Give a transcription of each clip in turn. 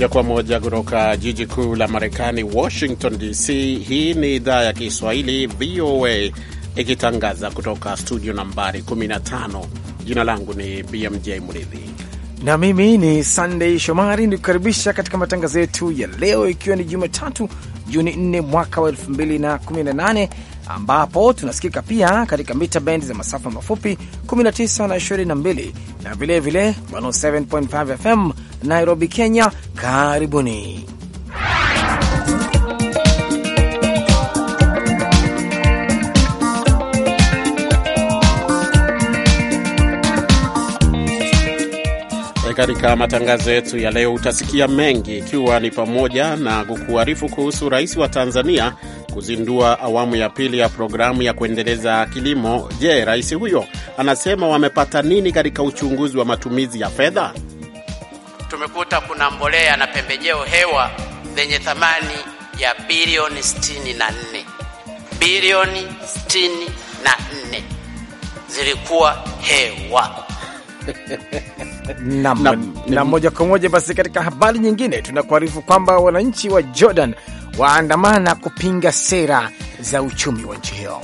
Moja kwa moja kutoka jiji kuu la Marekani, Washington DC. Hii ni idhaa ya Kiswahili, VOA, ikitangaza kutoka studio nambari 15. Jina langu ni BMJ Mridhi na mimi ni Sandey Shomari, nikukaribisha katika matangazo yetu ya leo, ikiwa ni Jumatatu Juni 4 mwaka wa 2018 ambapo tunasikika pia katika mita bendi za masafa mafupi 19 na 22 na vilevile 107.5 FM Nairobi, Kenya. Karibuni. E, katika matangazo yetu ya leo utasikia mengi, ikiwa ni pamoja na kukuarifu kuhusu rais wa Tanzania kuzindua awamu ya pili ya programu ya kuendeleza kilimo. Je, rais huyo anasema wamepata nini katika uchunguzi wa matumizi ya fedha? tumekuta kuna mbolea na pembejeo hewa zenye thamani ya bilioni nne bilioni 64 zilikuwa hewa. na, na, na moja kwa moja basi, katika habari nyingine tunakuarifu kwamba wananchi wa Jordan waandamana kupinga sera za uchumi wa nchi hiyo.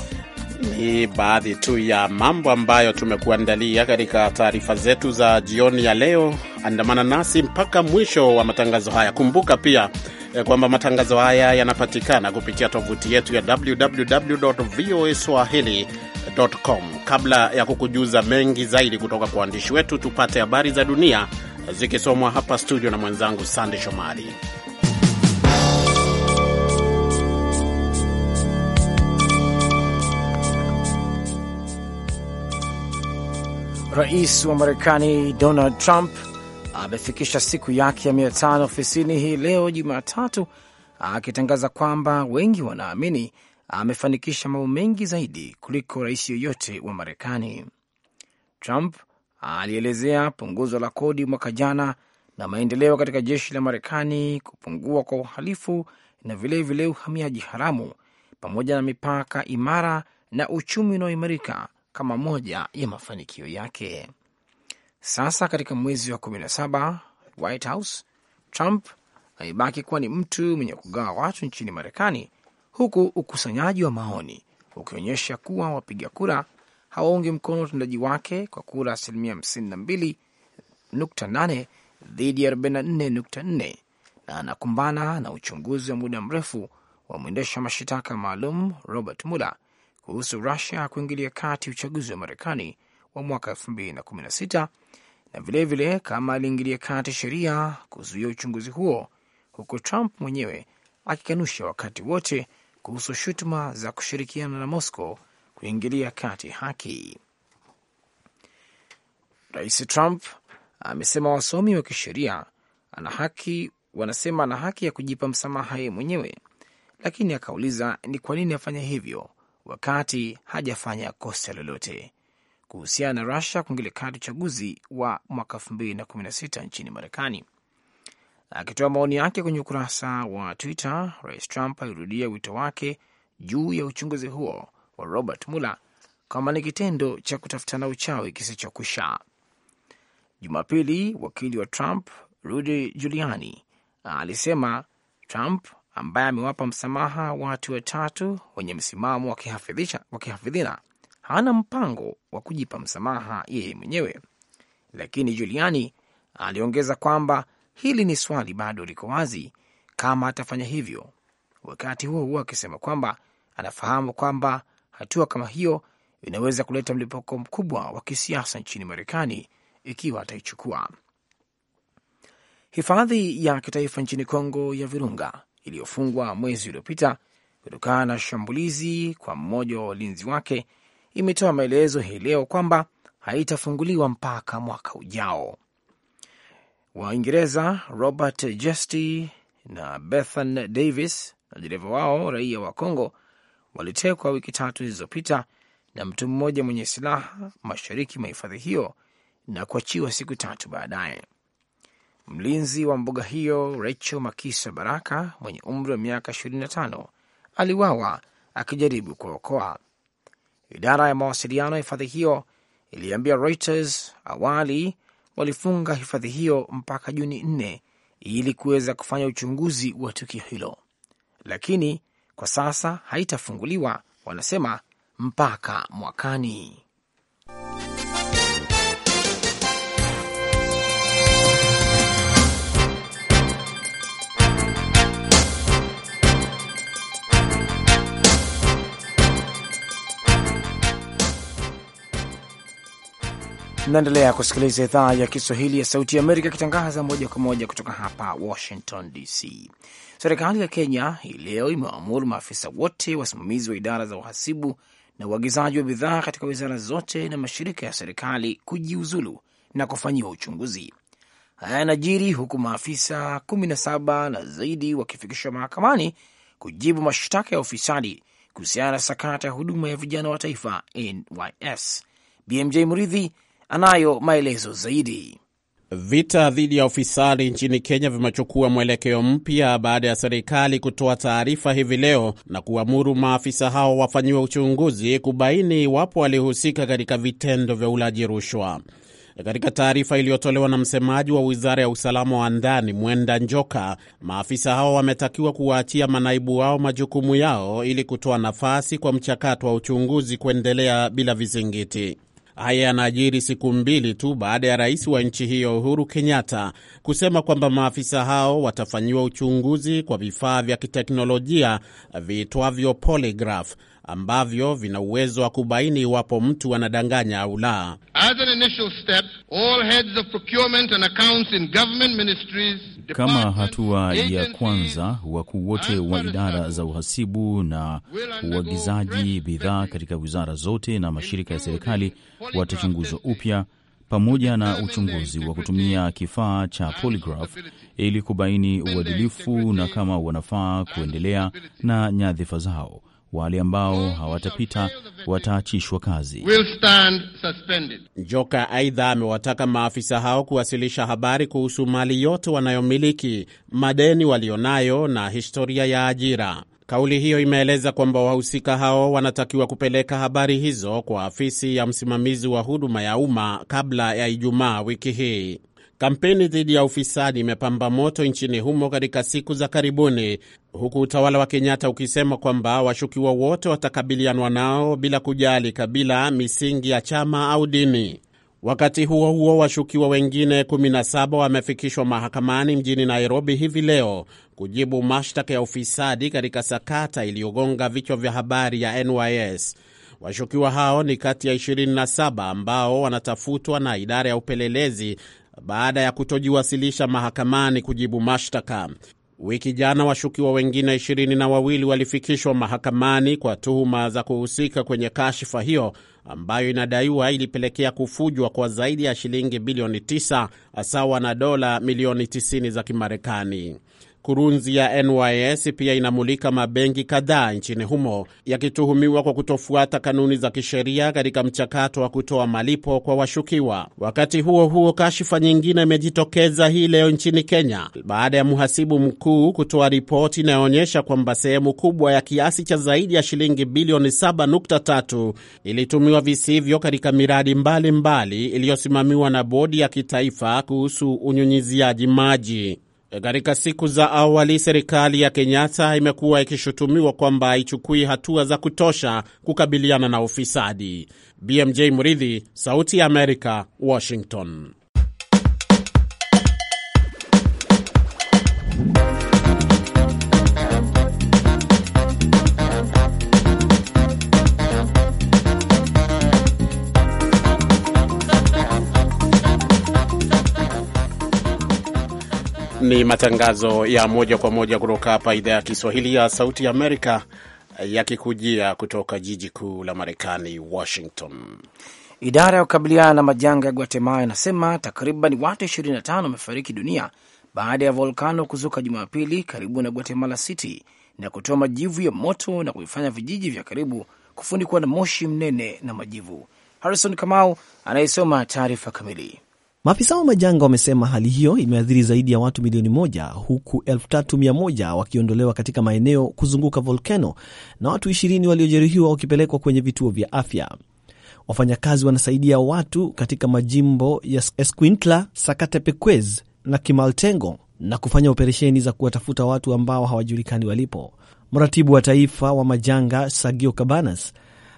Ni baadhi tu ya mambo ambayo tumekuandalia katika taarifa zetu za jioni ya leo. Andamana nasi mpaka mwisho wa matangazo haya. Kumbuka pia eh, kwamba matangazo haya yanapatikana kupitia tovuti yetu ya www.voaswahili.com. Kabla ya kukujuza mengi zaidi kutoka kwa waandishi wetu, tupate habari za dunia zikisomwa hapa studio na mwenzangu Sande Shomari. Rais wa Marekani Donald Trump amefikisha siku yake ya mia tano ofisini hii leo Jumatatu, akitangaza kwamba wengi wanaamini amefanikisha mambo mengi zaidi kuliko rais yoyote wa Marekani. Trump alielezea punguzo la kodi mwaka jana na maendeleo katika jeshi la Marekani, kupungua kwa uhalifu na vilevile vile uhamiaji haramu, pamoja na mipaka imara na uchumi unaoimarika kama moja ya mafanikio yake. Sasa katika mwezi wa 17 White House, Trump amebaki kuwa ni mtu mwenye kugawa watu nchini Marekani, huku ukusanyaji wa maoni ukionyesha kuwa wapiga kura hawaungi mkono utendaji wake kwa kura asilimia 52.8 dhidi ya 44.4 na anakumbana na uchunguzi wa muda mrefu wa mwendesha mashitaka maalum Robert Mueller kuhusu Rusia kuingilia kati uchaguzi wa Marekani wa mwaka 2016 na vilevile vile kama aliingilia kati sheria kuzuia uchunguzi huo, huku Trump mwenyewe akikanusha wakati wote kuhusu shutuma za kushirikiana na Moscow kuingilia kati haki. Rais Trump amesema wasomi wa kisheria ana haki, wanasema ana haki ya kujipa msamaha yeye mwenyewe, lakini akauliza ni kwa nini afanya hivyo wakati hajafanya kosa lolote kuhusiana na Rusia kuingilia kati uchaguzi wa mwaka 2016 nchini Marekani. Akitoa maoni yake kwenye ukurasa wa Twitter, Rais Trump alirudia wito wake juu ya uchunguzi huo wa Robert Mueller kama ni kitendo cha kutafutana uchawi kisichokwisha. Jumapili, wakili wa Trump Rudy Giuliani alisema Trump ambaye amewapa msamaha watu watatu wenye msimamo wa kihafidhina hana mpango wa kujipa msamaha yeye mwenyewe, lakini juliani aliongeza kwamba hili ni swali bado liko wazi kama atafanya hivyo, wakati huo huo akisema kwamba anafahamu kwamba hatua kama hiyo inaweza kuleta mlipuko mkubwa wa kisiasa nchini Marekani ikiwa ataichukua. Hifadhi ya kitaifa nchini Kongo ya Virunga iliyofungwa mwezi uliopita kutokana na shambulizi kwa mmoja wa walinzi wake imetoa maelezo hii leo kwamba haitafunguliwa mpaka mwaka ujao. Waingereza Robert Jesty na Bethan Davis na dereva wao raia wa Congo walitekwa wiki tatu zilizopita na mtu mmoja mwenye silaha mashariki mwa hifadhi hiyo na kuachiwa siku tatu baadaye. Mlinzi wa mbuga hiyo Rachel Makisa Baraka mwenye umri wa miaka 25 aliwawa akijaribu kuokoa. Idara ya mawasiliano ya hifadhi hiyo iliambia Reuters awali walifunga hifadhi hiyo mpaka Juni 4 ili kuweza kufanya uchunguzi wa tukio hilo, lakini kwa sasa haitafunguliwa, wanasema mpaka mwakani. Mnaendelea kusikiliza idhaa ya Kiswahili ya Sauti ya Amerika ikitangaza moja kwa moja kutoka hapa Washington DC. Serikali ya Kenya hii leo imewaamuru maafisa wote wasimamizi wa idara za uhasibu na uagizaji wa bidhaa katika wizara zote na mashirika ya serikali kujiuzulu na kufanyiwa uchunguzi. Haya yanajiri huku maafisa 17 na zaidi wakifikishwa mahakamani kujibu mashtaka ya ufisadi kuhusiana na sakata ya huduma ya vijana wa taifa NYS. BMJ Mridhi anayo maelezo zaidi. Vita dhidi ya ufisadi nchini Kenya vimechukua mwelekeo mpya baada ya serikali kutoa taarifa hivi leo na kuamuru maafisa hao wafanyiwe uchunguzi kubaini iwapo walihusika katika vitendo vya ulaji rushwa. Katika taarifa iliyotolewa na msemaji wa wizara ya usalama wa ndani Mwenda Njoka, maafisa hao wametakiwa kuwaachia manaibu wao majukumu yao ili kutoa nafasi kwa mchakato wa uchunguzi kuendelea bila vizingiti. Haya yanajiri siku mbili tu baada ya rais wa nchi hiyo Uhuru Kenyatta kusema kwamba maafisa hao watafanyiwa uchunguzi kwa vifaa vya kiteknolojia viitwavyo polygraph ambavyo vina uwezo wa kubaini iwapo mtu anadanganya au la. Kama hatua ya kwanza, wakuu wote wa idara za uhasibu na uagizaji bidhaa katika wizara zote na mashirika ya serikali watachunguzwa upya pamoja na uchunguzi wa kutumia kifaa cha polygraph ili kubaini uadilifu na kama wanafaa kuendelea na nyadhifa zao wale ambao mhm. hawatapita wataachishwa kazi. joka Njoka aidha amewataka maafisa hao kuwasilisha habari kuhusu mali yote wanayomiliki, madeni walionayo na historia ya ajira. Kauli hiyo imeeleza kwamba wahusika hao wanatakiwa kupeleka habari hizo kwa afisi ya msimamizi wa huduma ya umma kabla ya Ijumaa wiki hii. Kampeni dhidi ya ufisadi imepamba moto nchini humo katika siku za karibuni, huku utawala wa Kenyatta ukisema kwamba washukiwa wote watakabilianwa nao bila kujali kabila, misingi ya chama au dini. Wakati huo huo, washukiwa wengine 17 wamefikishwa mahakamani mjini Nairobi hivi leo kujibu mashtaka ya ufisadi katika sakata iliyogonga vichwa vya habari ya NYS. Washukiwa hao ni kati ya 27 ambao wanatafutwa na idara ya upelelezi baada ya kutojiwasilisha mahakamani kujibu mashtaka. Wiki jana washukiwa wengine ishirini na wawili walifikishwa mahakamani kwa tuhuma za kuhusika kwenye kashifa hiyo ambayo inadaiwa ilipelekea kufujwa kwa zaidi ya shilingi bilioni 9 sawa na dola milioni 90 za Kimarekani. Kurunzi ya NYS pia inamulika mabenki kadhaa nchini humo yakituhumiwa kwa kutofuata kanuni za kisheria katika mchakato wa kutoa malipo kwa washukiwa. Wakati huo huo, kashifa nyingine imejitokeza hii leo nchini Kenya baada ya mhasibu mkuu kutoa ripoti inayoonyesha kwamba sehemu kubwa ya kiasi cha zaidi ya shilingi bilioni 7.3 ilitumiwa visivyo katika miradi mbalimbali iliyosimamiwa na bodi ya kitaifa kuhusu unyunyiziaji maji. Katika siku za awali serikali ya Kenyatta imekuwa ikishutumiwa kwamba haichukui hatua za kutosha kukabiliana na ufisadi. BMJ Muridhi, Sauti ya Amerika, Washington. Ni matangazo ya moja kwa moja kutoka hapa idhaa ya Kiswahili ya Sauti ya Amerika yakikujia kutoka jiji kuu la Marekani, Washington. Idara ya kukabiliana na majanga ya Guatemala inasema takriban watu 25 wamefariki dunia baada ya volkano kuzuka Jumapili karibu na Guatemala City na kutoa majivu ya moto na kuvifanya vijiji vya karibu kufunikwa na moshi mnene na majivu. Harrison Kamau anayesoma taarifa kamili. Maafisa wa majanga wamesema hali hiyo imeathiri zaidi ya watu milioni moja huku elfu tatu mia moja wakiondolewa katika maeneo kuzunguka volkano na watu ishirini waliojeruhiwa wakipelekwa kwenye vituo vya afya. Wafanyakazi wanasaidia watu katika majimbo ya Esquintla, Sakatepequez na Kimaltengo na kufanya operesheni za kuwatafuta watu ambao hawajulikani walipo. Mratibu wa taifa wa majanga sagio Cabanas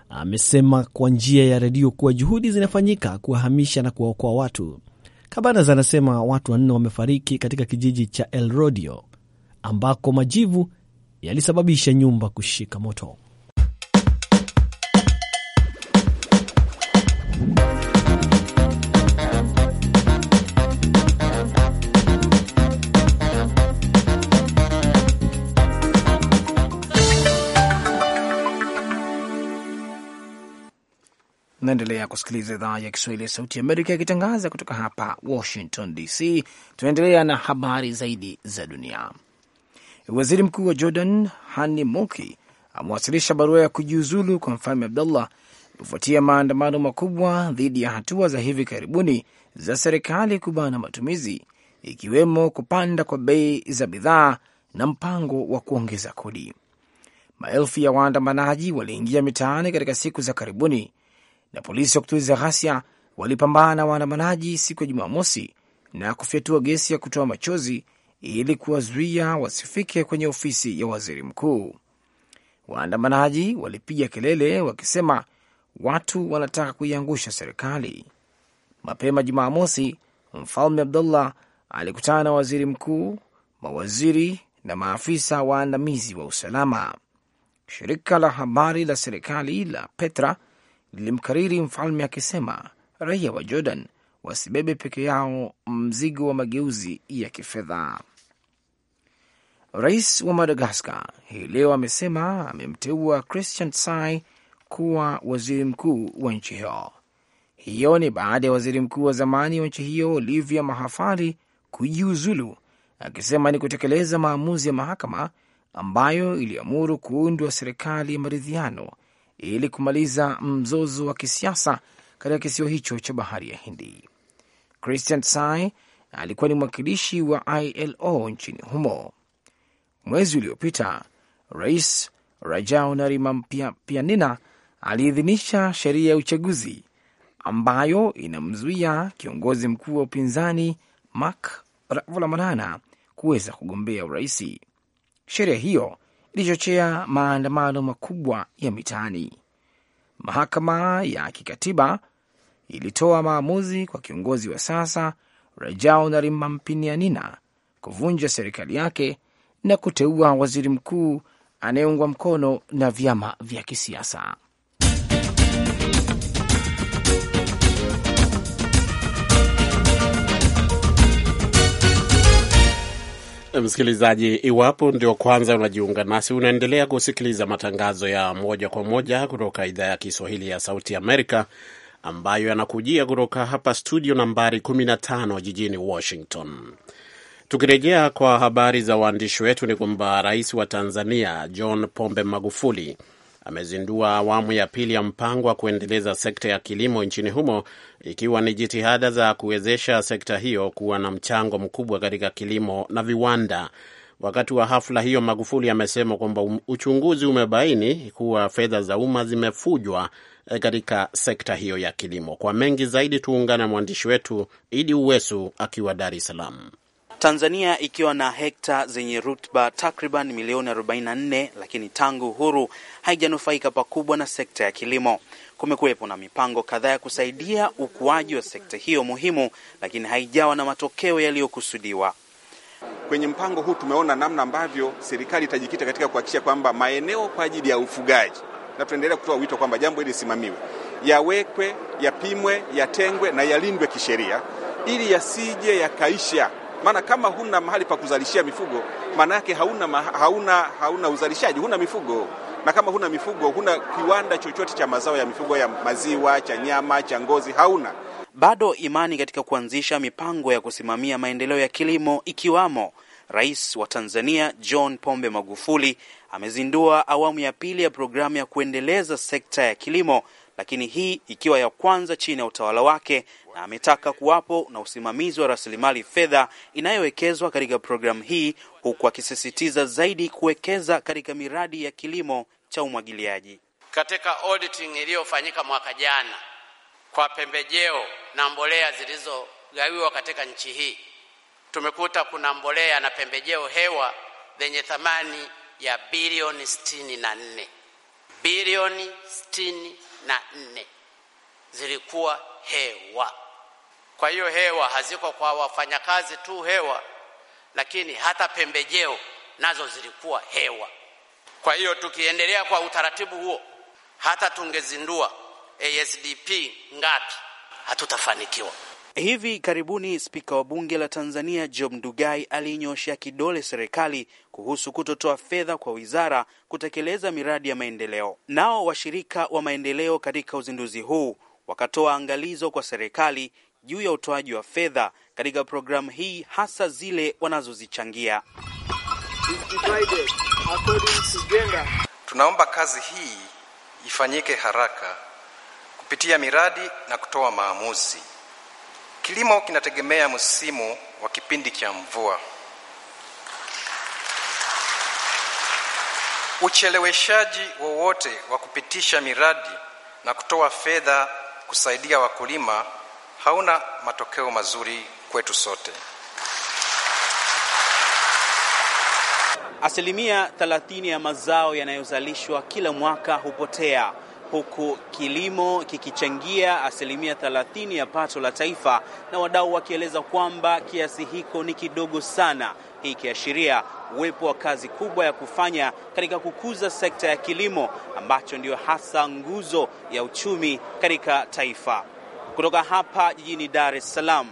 amesema kwa njia ya redio kuwa juhudi zinafanyika kuwahamisha na kuwaokoa watu. Cabanas anasema watu wanne wamefariki katika kijiji cha El Rodio ambako majivu yalisababisha nyumba kushika moto. Tunaendelea kusikiliza idhaa ya Kiswahili ya Sauti Amerika ikitangaza kutoka hapa Washington DC. Tunaendelea na habari zaidi za dunia. Waziri Mkuu wa Jordan Hani Moki amewasilisha barua ya kujiuzulu kwa Mfalme Abdullah kufuatia maandamano makubwa dhidi ya hatua za hivi karibuni za serikali kubana matumizi, ikiwemo kupanda kwa bei za bidhaa na mpango wa kuongeza kodi. Maelfu ya waandamanaji waliingia mitaani katika siku za karibuni na polisi wa kutuliza ghasia walipambana na waandamanaji siku ya Jumamosi na kufyatua gesi ya kutoa machozi ili kuwazuia wasifike kwenye ofisi ya waziri mkuu. Waandamanaji walipiga kelele wakisema watu wanataka kuiangusha serikali. Mapema Jumamosi, mfalme Abdullah alikutana na waziri mkuu, mawaziri na maafisa waandamizi wa usalama. Shirika la habari la serikali la Petra lilimkariri mfalme akisema raia wa Jordan wasibebe peke yao mzigo wa mageuzi ya kifedha. Rais wa Madagaskar hii leo amesema amemteua Christian Tsai kuwa waziri mkuu wa nchi hiyo. Hiyo ni baada ya waziri mkuu wa zamani wa nchi hiyo Olivia Mahafali kujiuzulu, akisema ni kutekeleza maamuzi ya mahakama ambayo iliamuru kuundwa serikali ya maridhiano ili kumaliza mzozo wa kisiasa katika kisiwa hicho cha bahari ya Hindi. Christian Tsai alikuwa ni mwakilishi wa ILO nchini humo. Mwezi uliopita, Rais Rajao Narimanpianina aliidhinisha sheria ya uchaguzi ambayo inamzuia kiongozi mkuu wa upinzani Mak Ravalomanana kuweza kugombea uraisi. Sheria hiyo ilichochea maandamano makubwa ya mitaani. Mahakama ya kikatiba ilitoa maamuzi kwa kiongozi wa sasa Rajao Narimampinianina kuvunja serikali yake na kuteua waziri mkuu anayeungwa mkono na vyama vya kisiasa. Eh, msikilizaji, iwapo ndio kwanza unajiunga nasi, unaendelea kusikiliza matangazo ya moja kwa moja kutoka idhaa ya Kiswahili ya Sauti Amerika ambayo yanakujia kutoka hapa studio nambari 15 jijini Washington. Tukirejea kwa habari za waandishi wetu, ni kwamba rais wa Tanzania John Pombe Magufuli amezindua awamu ya pili ya mpango wa kuendeleza sekta ya kilimo nchini humo ikiwa ni jitihada za kuwezesha sekta hiyo kuwa na mchango mkubwa katika kilimo na viwanda. Wakati wa hafla hiyo, Magufuli amesema kwamba um, uchunguzi umebaini kuwa fedha za umma zimefujwa eh, katika sekta hiyo ya kilimo. Kwa mengi zaidi, tuungane na mwandishi wetu Idi Uwesu akiwa Dar es Salaam. Tanzania ikiwa na hekta zenye rutba takriban milioni 44, lakini tangu uhuru haijanufaika pakubwa na sekta ya kilimo. Kumekuwepo na mipango kadhaa ya kusaidia ukuaji wa sekta hiyo muhimu, lakini haijawa na matokeo yaliyokusudiwa. Kwenye mpango huu tumeona namna ambavyo serikali itajikita katika kuhakikisha kwamba maeneo kwa ajili ya ufugaji, na tunaendelea kutoa wito kwamba jambo hili lisimamiwe, yawekwe, yapimwe, yatengwe na yalindwe kisheria, ili yasije yakaisha maana kama huna mahali pa kuzalishia mifugo, maana yake hauna, hauna, hauna uzalishaji, huna mifugo na kama huna mifugo huna kiwanda chochote cha mazao ya mifugo ya maziwa, cha nyama, cha ngozi, hauna. Bado imani katika kuanzisha mipango ya kusimamia maendeleo ya kilimo, ikiwamo Rais wa Tanzania John Pombe Magufuli amezindua awamu ya pili ya programu ya kuendeleza sekta ya kilimo, lakini hii ikiwa ya kwanza chini ya utawala wake na ametaka kuwapo na usimamizi wa rasilimali fedha inayowekezwa katika programu hii, huku akisisitiza zaidi kuwekeza katika miradi ya kilimo cha umwagiliaji. Katika auditing iliyofanyika mwaka jana kwa pembejeo na mbolea zilizogawiwa katika nchi hii, tumekuta kuna mbolea na pembejeo hewa zenye thamani ya bilioni sitini na nne bilioni sitini na nne zilikuwa hewa. Kwa hiyo hewa haziko kwa wafanyakazi tu hewa, lakini hata pembejeo nazo zilikuwa hewa. Kwa hiyo tukiendelea kwa utaratibu huo, hata tungezindua ASDP ngapi, hatutafanikiwa. Hivi karibuni spika wa bunge la Tanzania Job Ndugai aliinyoshea kidole serikali kuhusu kutotoa fedha kwa wizara kutekeleza miradi ya maendeleo. Nao washirika wa maendeleo katika uzinduzi huu wakatoa angalizo kwa serikali juu ya utoaji wa fedha katika programu hii hasa zile wanazozichangia. Tunaomba kazi hii ifanyike haraka kupitia miradi na kutoa maamuzi. Kilimo kinategemea msimu wa kipindi cha mvua. Ucheleweshaji wowote wa kupitisha miradi na kutoa fedha kusaidia wakulima hauna matokeo mazuri kwetu sote. Asilimia 30 ya mazao yanayozalishwa kila mwaka hupotea huku kilimo kikichangia asilimia 30 ya pato la taifa, na wadau wakieleza kwamba kiasi hiko ni kidogo sana, hii ikiashiria uwepo wa kazi kubwa ya kufanya katika kukuza sekta ya kilimo ambacho ndiyo hasa nguzo ya uchumi katika taifa. Kutoka hapa jijini Dar es Salaam,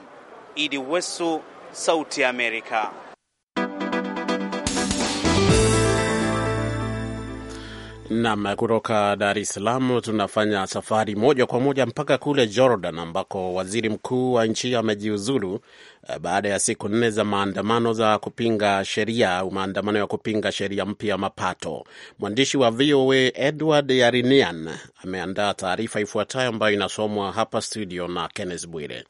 Idi Wesu, Sauti ya Amerika. Nam, kutoka Dar es Salaam tunafanya safari moja kwa moja mpaka kule Jordan ambako waziri mkuu wa nchi hiyo amejiuzulu eh, baada ya siku nne za maandamano za kupinga sheria au maandamano ya kupinga sheria mpya ya mapato. Mwandishi wa VOA Edward Yarinian ameandaa taarifa ifuatayo ambayo inasomwa hapa studio na Kenneth Bwire.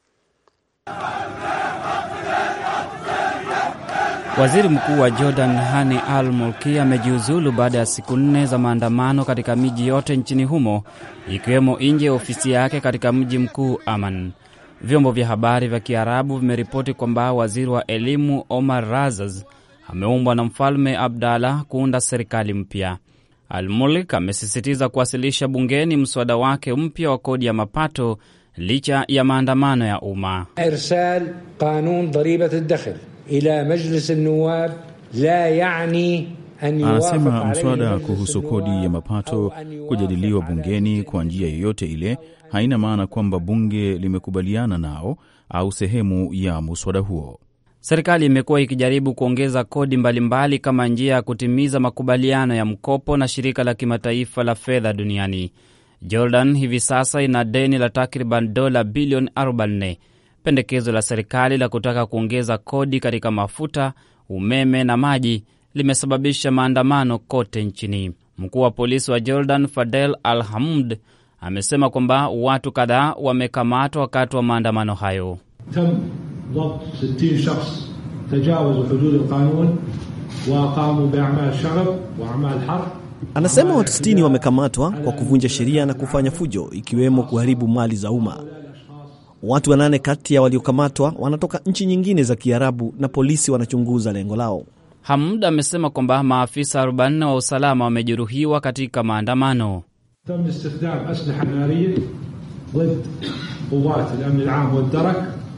Waziri Mkuu wa Jordan Hani Al Mulki amejiuzulu baada ya siku nne za maandamano katika miji yote nchini humo ikiwemo nje ya ofisi yake katika mji mkuu aman Vyombo vya habari vya Kiarabu vimeripoti kwamba waziri wa elimu Omar Razas ameumbwa na mfalme Abdallah kuunda serikali mpya. Al-Mulk amesisitiza kuwasilisha bungeni mswada wake mpya wa kodi ya mapato licha ya maandamano ya umma. irsal qanun ad Anasema mswada kuhusu kodi ya mapato kujadiliwa bungeni kwa njia yoyote ile haina maana kwamba bunge limekubaliana nao au sehemu ya mswada huo. Serikali imekuwa ikijaribu kuongeza kodi mbalimbali mbali kama njia ya kutimiza makubaliano ya mkopo na shirika la kimataifa la fedha duniani. Jordan hivi sasa ina deni la takriban dola bilioni 40. Pendekezo la serikali la kutaka kuongeza kodi katika mafuta, umeme na maji limesababisha maandamano kote nchini. Mkuu wa polisi wa Jordan, Fadel Al Hamud, amesema kwamba watu kadhaa wamekamatwa wakati wa maandamano hayo. Anasema watu 6 wamekamatwa kwa kuvunja sheria na kufanya fujo, ikiwemo kuharibu mali za umma. Watu wanane kati ya waliokamatwa wanatoka nchi nyingine za Kiarabu na polisi wanachunguza lengo lao. Hamud amesema kwamba maafisa 4 wa usalama wamejeruhiwa katika maandamano.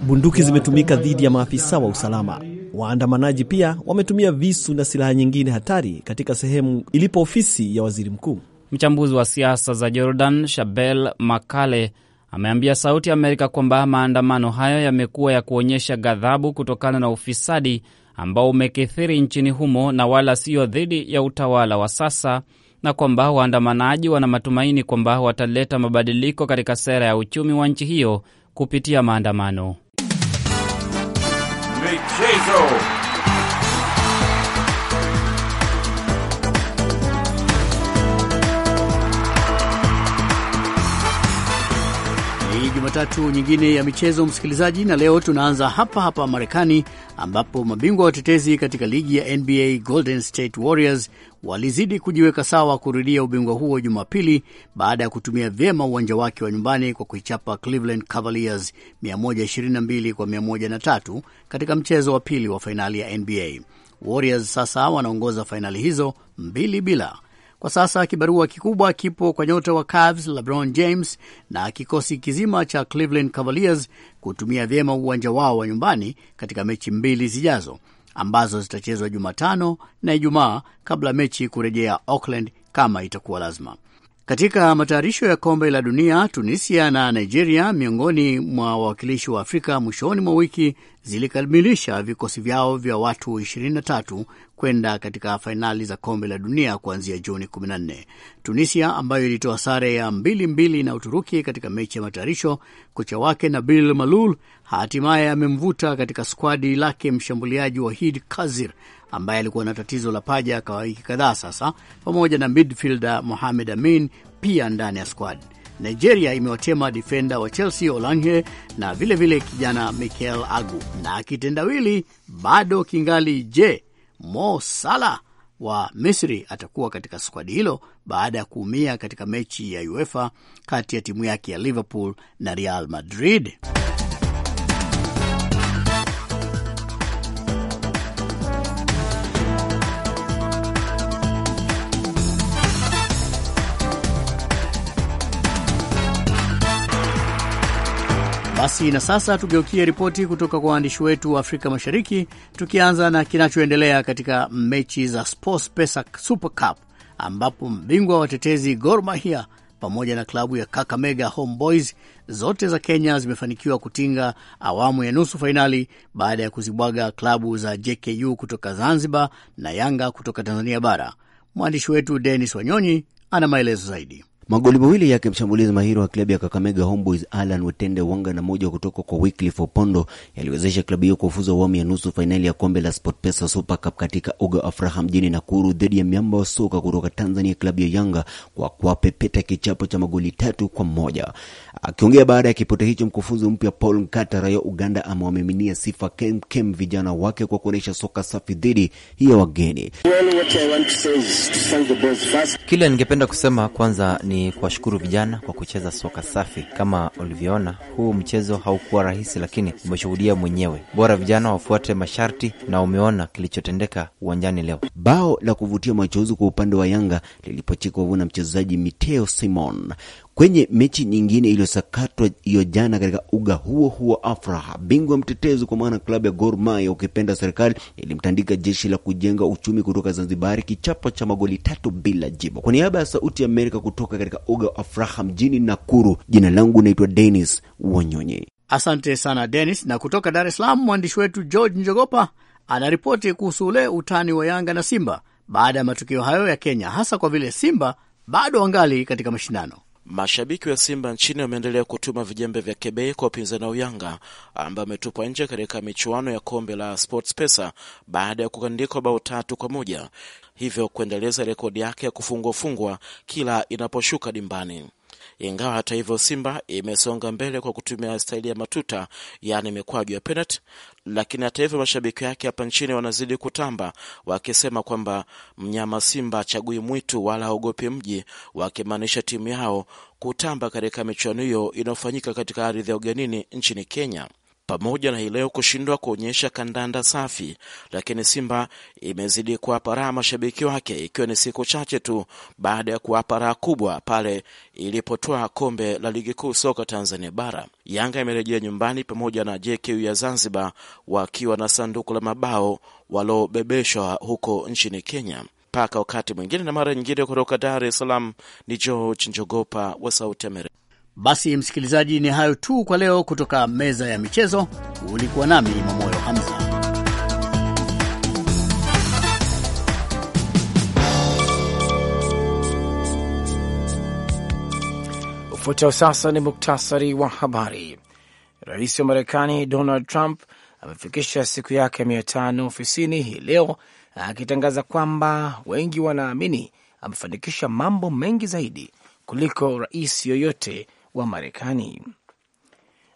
Bunduki zimetumika dhidi ya maafisa wa usalama. Waandamanaji pia wametumia visu na silaha nyingine hatari katika sehemu ilipo ofisi ya waziri mkuu. Mchambuzi wa siasa za Jordan Shabel Makale ameambia Sauti Amerika kwamba maandamano hayo yamekuwa ya kuonyesha ghadhabu kutokana na ufisadi ambao umekithiri nchini humo na wala siyo dhidi ya utawala wa sasa, na kwamba waandamanaji wana matumaini kwamba wataleta mabadiliko katika sera ya uchumi wa nchi hiyo kupitia maandamano. Michezo. Jumatatu nyingine ya michezo, msikilizaji, na leo tunaanza hapa hapa Marekani, ambapo mabingwa watetezi katika ligi ya NBA Golden State Warriors walizidi kujiweka sawa kurudia ubingwa huo Jumapili baada ya kutumia vyema uwanja wake wa nyumbani kwa kuichapa Cleveland Cavaliers 122 kwa 103 katika mchezo wa pili wa fainali ya NBA. Warriors sasa wanaongoza fainali hizo mbili bila kwa sasa kibarua kikubwa kipo kwa nyota wa Cavs LeBron James na kikosi kizima cha Cleveland Cavaliers kutumia vyema uwanja wao wa nyumbani katika mechi mbili zijazo ambazo zitachezwa Jumatano na Ijumaa kabla mechi kurejea Auckland kama itakuwa lazima. Katika matayarisho ya kombe la dunia, Tunisia na Nigeria, miongoni mwa wawakilishi wa Afrika, mwishoni mwa wiki zilikamilisha vikosi vyao vya watu 23 kwenda katika fainali za kombe la dunia kuanzia Juni 14. Tunisia ambayo ilitoa sare ya mbili mbili na Uturuki katika mechi ya matayarisho, kocha wake Nabil Malul hatimaye amemvuta katika skwadi lake mshambuliaji Wahid Kazir ambaye alikuwa na tatizo la paja kwa wiki kadhaa sasa, pamoja na midfielder Mohamed Amin pia ndani ya squad. Nigeria imewatema difenda wa Chelsea Olanhe na vilevile vile kijana Mikel Agu, na kitendawili bado kingali. Je, Mo Salah wa Misri atakuwa katika skwadi hilo baada ya kuumia katika mechi ya UEFA kati ya timu yake ya Liverpool na Real Madrid. Basi na sasa tugeukie ripoti kutoka kwa waandishi wetu wa Afrika Mashariki, tukianza na kinachoendelea katika mechi za Sports Pesa Super Cup ambapo mbingwa watetezi Gor Mahia pamoja na klabu ya Kakamega Homeboys zote za Kenya zimefanikiwa kutinga awamu ya nusu fainali baada ya kuzibwaga klabu za JKU kutoka Zanzibar na Yanga kutoka Tanzania Bara. Mwandishi wetu Denis Wanyonyi ana maelezo zaidi. Magoli mawili yake mshambulizi mahiri wa klabu ya Kakamega Homeboys Alan Wetende Wanga na moja kutoka kwa Wycliffe Opondo yaliwezesha klabu hiyo kufuza awamu ya nusu fainali ya kombe la SportPesa Super Cup katika uga wa Afraha mjini Nakuru dhidi ya miamba wa soka kutoka Tanzania klabu ya Yanga kwa kuwapepeta kichapo cha magoli tatu kwa moja. Akiongea baada ya kipote hicho, mkufunzi mpya Paul Nkata raia Uganda amewamiminia sifa kem kem vijana wake kwa kuonyesha soka safi dhidi ya wageni. Well, kile ningependa kusema kwanza ni ni kuwashukuru vijana kwa kucheza soka safi. Kama ulivyoona, huu mchezo haukuwa rahisi, lakini umeshuhudia mwenyewe. Bora vijana wafuate masharti, na umeona kilichotendeka uwanjani leo. Bao la kuvutia machozi kwa upande wa Yanga lilipochikwa na mchezaji Miteo Simon Kwenye mechi nyingine iliyosakatwa hiyo jana katika uga huo huo Afraha, bingwa mtetezi kwa maana klabu ya Gor Mahia ukipenda serikali ilimtandika jeshi la kujenga uchumi kutoka Zanzibar kichapo cha magoli tatu bila jibu. Kwa niaba ya Sauti ya Amerika kutoka katika uga wa Afraha mjini Nakuru, jina langu naitwa Dennis wanyonyi Asante sana Dennis. Na kutoka Dar es Salaam mwandishi wetu George Njogopa anaripoti kuhusu ule utani wa Yanga na Simba baada ya matukio hayo ya Kenya, hasa kwa vile Simba bado wangali katika mashindano. Mashabiki wa Simba nchini wameendelea kutuma vijembe vya kebei kwa upinzani wa Yanga ambayo ametupwa nje katika michuano ya kombe la SportsPesa baada ya kukandikwa bao tatu kwa moja, hivyo kuendeleza rekodi yake ya kufungwafungwa kila inaposhuka dimbani ingawa hata hivyo Simba imesonga mbele kwa kutumia staili ya matuta, yaani mikwaju ya penalti. Lakini hata hivyo mashabiki yake hapa nchini wanazidi kutamba wakisema kwamba mnyama Simba achagui mwitu wala haogopi mji, wakimaanisha timu yao kutamba katika michuano hiyo inayofanyika katika ardhi ya ugenini nchini Kenya pamoja na hii leo kushindwa kuonyesha kandanda safi, lakini Simba imezidi kuwapa raha mashabiki wake, ikiwa ni siku chache tu baada ya kuwapa raha kubwa pale ilipotoa kombe la ligi kuu soka Tanzania Bara. Yanga imerejea nyumbani pamoja na JKU ya Zanzibar wakiwa na sanduku la mabao walobebeshwa huko nchini Kenya. Mpaka wakati mwingine na mara nyingine, kutoka Dar es Salaam ni George Njogopa wa Sauti Amerika. Basi msikilizaji, ni hayo tu kwa leo kutoka meza ya michezo. Ulikuwa nami Mamoyo Hamza. Ufuatao sasa ni muktasari wa habari. Rais wa Marekani Donald Trump amefikisha siku yake mia tano ofisini hii leo akitangaza kwamba wengi wanaamini amefanikisha mambo mengi zaidi kuliko rais yoyote wa Marekani.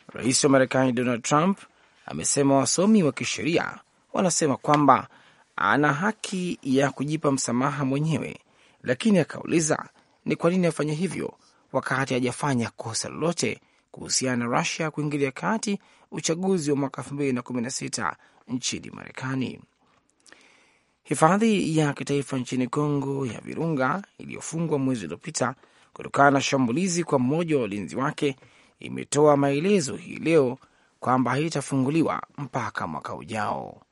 Rais wa Marekani Donald Trump amesema wasomi wa kisheria wanasema kwamba ana haki ya kujipa msamaha mwenyewe, lakini akauliza ni kwa nini afanya hivyo wakati hajafanya kosa lolote kuhusiana na Rusia kuingilia kati uchaguzi wa mwaka 2016 nchini Marekani. Hifadhi ya kitaifa nchini Kongo ya Virunga iliyofungwa mwezi uliopita kutokana na shambulizi kwa mmoja wa walinzi wake, imetoa maelezo hii leo kwamba haitafunguliwa mpaka mwaka ujao.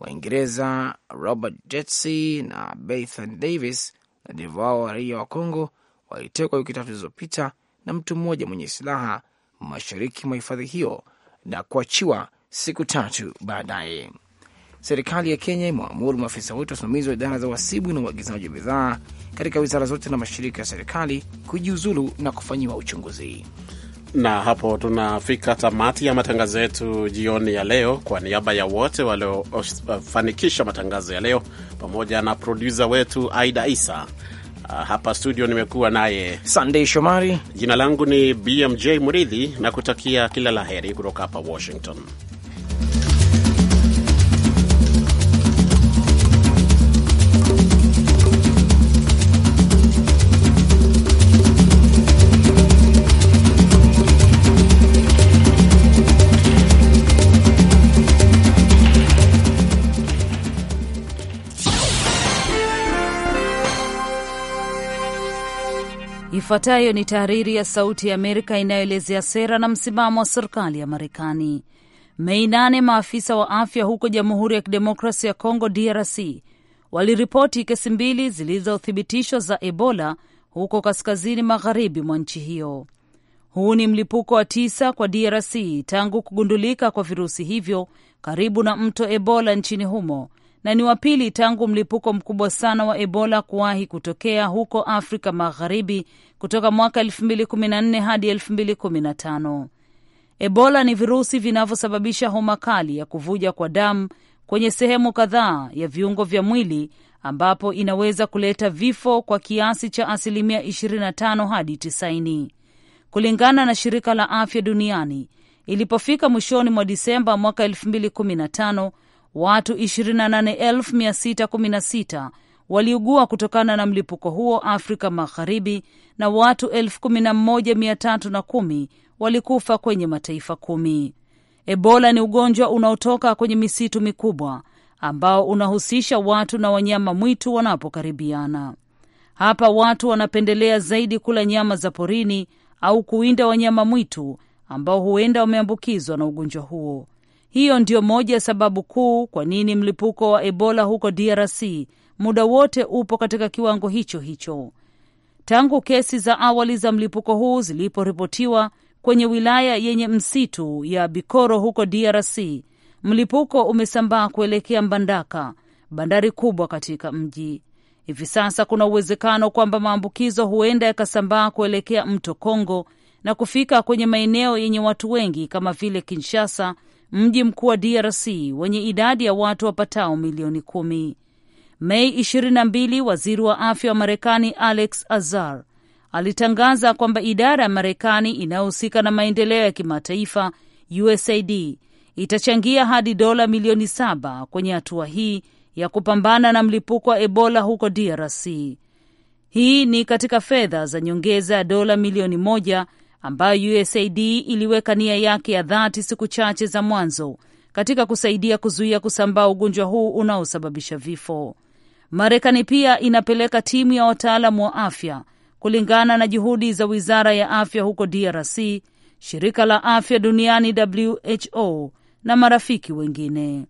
Waingereza Robert Jetsy na Bethan Davis na dereva wa raia wa Kongo walitekwa wiki tatu zilizopita na mtu mmoja mwenye silaha mashariki mwa hifadhi hiyo na kuachiwa siku tatu baadaye serikali ya Kenya imewaamuru maafisa wote wasimamizi wa idara za uhasibu na uagizaji bidhaa katika wizara zote na mashirika ya serikali kujiuzulu na kufanyiwa uchunguzi. Na hapo tunafika tamati ya matangazo yetu jioni ya leo. Kwa niaba ya wote waliofanikisha matangazo ya leo pamoja na produsa wetu Aida Isa, ah, hapa studio nimekuwa naye Sandei Shomari. Jina langu ni BMJ Muridhi na kutakia kila la heri kutoka hapa Washington. Ifuatayo ni tahariri ya Sauti ya Amerika inayoelezea sera na msimamo wa serikali ya Marekani. Mei nane, maafisa wa afya huko Jamhuri ya Kidemokrasi ya congo DRC, waliripoti kesi mbili zilizothibitishwa za Ebola huko kaskazini magharibi mwa nchi hiyo. Huu ni mlipuko wa tisa kwa DRC tangu kugundulika kwa virusi hivyo karibu na mto Ebola nchini humo na ni wa pili tangu mlipuko mkubwa sana wa Ebola kuwahi kutokea huko Afrika Magharibi kutoka mwaka 2014 hadi 2015. Ebola ni virusi vinavyosababisha homa kali ya kuvuja kwa damu kwenye sehemu kadhaa ya viungo vya mwili ambapo inaweza kuleta vifo kwa kiasi cha asilimia 25 hadi 90, kulingana na shirika la afya duniani. Ilipofika mwishoni mwa Disemba mwaka Watu 28616 waliugua kutokana na mlipuko huo Afrika Magharibi, na watu 11310 walikufa kwenye mataifa kumi. Ebola ni ugonjwa unaotoka kwenye misitu mikubwa ambao unahusisha watu na wanyama mwitu wanapokaribiana. Hapa watu wanapendelea zaidi kula nyama za porini au kuwinda wanyama mwitu ambao huenda wameambukizwa na ugonjwa huo. Hiyo ndiyo moja ya sababu kuu kwa nini mlipuko wa Ebola huko DRC muda wote upo katika kiwango hicho hicho. Tangu kesi za awali za mlipuko huu ziliporipotiwa kwenye wilaya yenye msitu ya Bikoro huko DRC, mlipuko umesambaa kuelekea Mbandaka, bandari kubwa katika mji. Hivi sasa kuna uwezekano kwamba maambukizo huenda yakasambaa kuelekea mto Kongo na kufika kwenye maeneo yenye watu wengi kama vile Kinshasa mji mkuu wa DRC wenye idadi ya watu wapatao milioni kumi. Mei 22, waziri wa afya wa Marekani Alex Azar alitangaza kwamba idara ya Marekani inayohusika na maendeleo ya kimataifa USAID itachangia hadi dola milioni saba kwenye hatua hii ya kupambana na mlipuko wa Ebola huko DRC. Hii ni katika fedha za nyongeza ya dola milioni moja ambayo USAID iliweka nia yake ya dhati siku chache za mwanzo katika kusaidia kuzuia kusambaa ugonjwa huu unaosababisha vifo. Marekani pia inapeleka timu ya wataalamu wa afya kulingana na juhudi za wizara ya afya huko DRC, shirika la afya duniani WHO na marafiki wengine.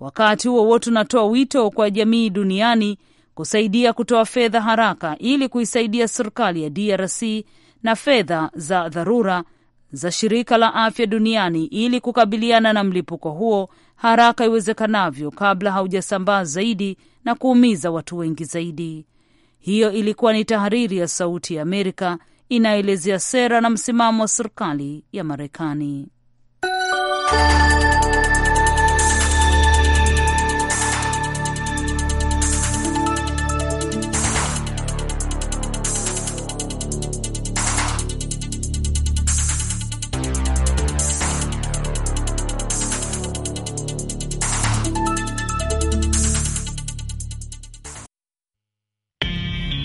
Wakati huo wote unatoa wito kwa jamii duniani kusaidia kutoa fedha haraka ili kuisaidia serikali ya DRC na fedha za dharura za shirika la afya duniani ili kukabiliana na mlipuko huo haraka iwezekanavyo kabla haujasambaa zaidi na kuumiza watu wengi zaidi. Hiyo ilikuwa ni tahariri ya Sauti ya Amerika inayoelezea sera na msimamo wa serikali ya Marekani.